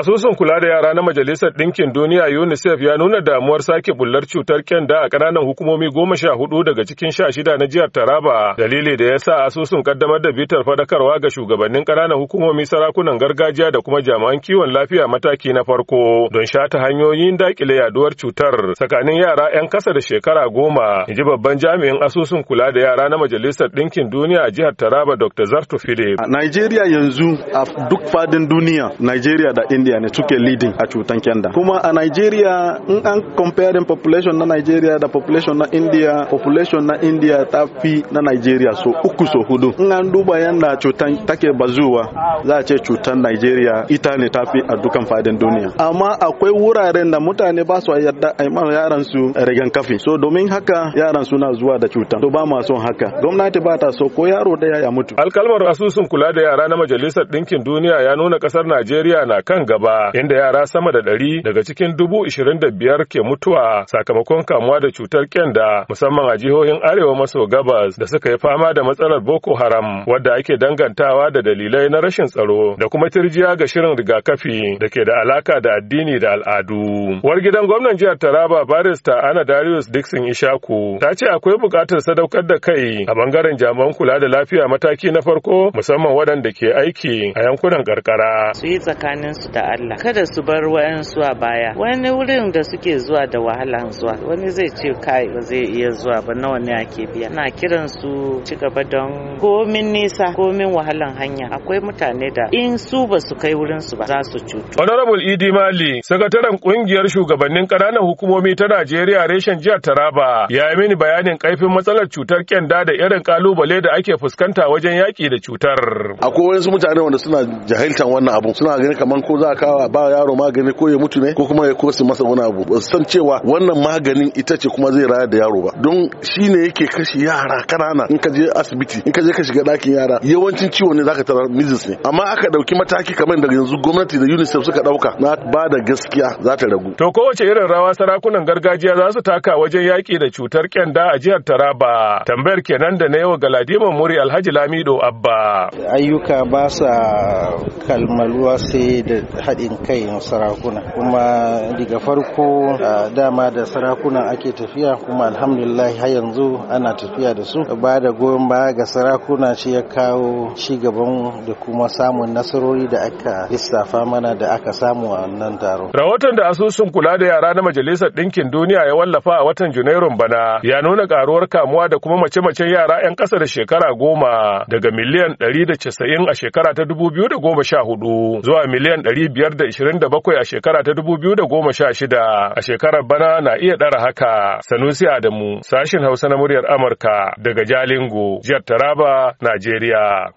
Asusun kula da yara na Majalisar Ɗinkin Duniya UNICEF ya nuna damuwar sake bullar cutar kyanda a ƙananan hukumomi goma sha hudu daga cikin sha shida na jihar Taraba. Dalili da ya sa asusun ƙaddamar da bitar fadakarwa ga shugabannin ƙananan hukumomi sarakunan gargajiya da kuma jami'an kiwon lafiya mataki na farko don shata hanyoyin dakile yaduwar cutar tsakanin yara 'yan kasa da shekara goma. ji babban jami'in asusun kula da yara na Majalisar Ɗinkin Duniya a jihar Taraba Dr. Zartu Philip. A Najeriya yanzu a duk fadin duniya, Najeriya da in india ne suke leading a cutan kyanda kuma a nigeria in an comparing population na nigeria da population na india population na india ta fi na nigeria so uku so hudu in an duba yanda cutan take bazuwa za a ce cutan nigeria ita ne ta fi a dukan fadin duniya amma akwai wuraren da mutane ba su yarda a ma yaran su rigan kafi so domin haka yaran suna zuwa da cutan to ba ma son haka gwamnati ba ta so ko yaro daya ya mutu alkalmar asusun kula da yara na majalisar ɗinkin duniya ya nuna ƙasar najeriya na kan gaba gaba inda yara sama da ɗari daga cikin dubu ishirin da biyar ke mutuwa sakamakon kamuwa da cutar kyanda musamman a jihohin arewa maso gabas da suka yi fama da matsalar boko haram wadda ake dangantawa da dalilai na rashin tsaro da kuma tirjiya ga shirin rigakafi da ke da alaka da addini da al'adu. War gidan gwamnan jihar Taraba barista Ana Darius Dixon Ishaku ta ce akwai buƙatar sadaukar da kai a bangaren jami'an kula da lafiya mataki na farko musamman waɗanda ke aiki a yankunan karkara. Su yi tsakanin su da Allah kada su bar wayansu a baya wani wurin da suke zuwa da wahalan zuwa wani zai ce kai ba zai iya zuwa ba nawa ne ake biya na kiran su ci gaba don komin nisa komin wahalan hanya akwai mutane da in su ba su kai wurin su ba za su cutu honorable idi mali sakataren kungiyar shugabannin ƙananan hukumomi ta Najeriya reshen jihar Taraba ya yi mini bayanin kaifin matsalar cutar kyanda da irin kalubale da ake fuskanta wajen yaki da cutar akwai wasu mutane wanda suna jahiltan wannan abu suna ganin kamar ko za a kawo ba yaro magani ko ya mutu ne ko kuma ya kosi masa wani abu ba san cewa wannan maganin ita ce kuma zai rayar da yaro ba don shine yake kashe yara kanana in ka je asibiti in ka je ka shiga ɗakin yara yawancin ciwo ne zaka tara mizis ne amma aka dauki mataki kamar da yanzu gwamnati da UNICEF suka dauka na ba da gaskiya za ta ragu to kowace irin rawa sarakunan gargajiya za su taka wajen yaki da cutar kyanda a jihar Taraba tambayar kenan da na yau Galadiman Muri Alhaji Lamido Abba ayyuka ba sa kalmaluwa sai da haɗin kai sarakuna kuma daga farko dama da sarakunan ake tafiya kuma alhamdulillah har yanzu ana tafiya da su ba da goyon baya ga sarakuna shi ya kawo ci gaban da kuma samun nasarori da aka lissafa mana da aka samu a wannan taro rahoton da asusun kula da yara na majalisar ɗinkin duniya ya wallafa a watan junairun bana ya nuna karuwar kamuwa da kuma mace-macen yara 'yan ƙasa da shekara goma daga miliyan 190 a shekara ta 2014 zuwa miliyan 100 527 a shekara ta dubu da goma sha shida, a shekarar bana na iya ɗara haka sanusi adamu sashin hausa na muryar amurka daga jalingo jihar taraba najeriya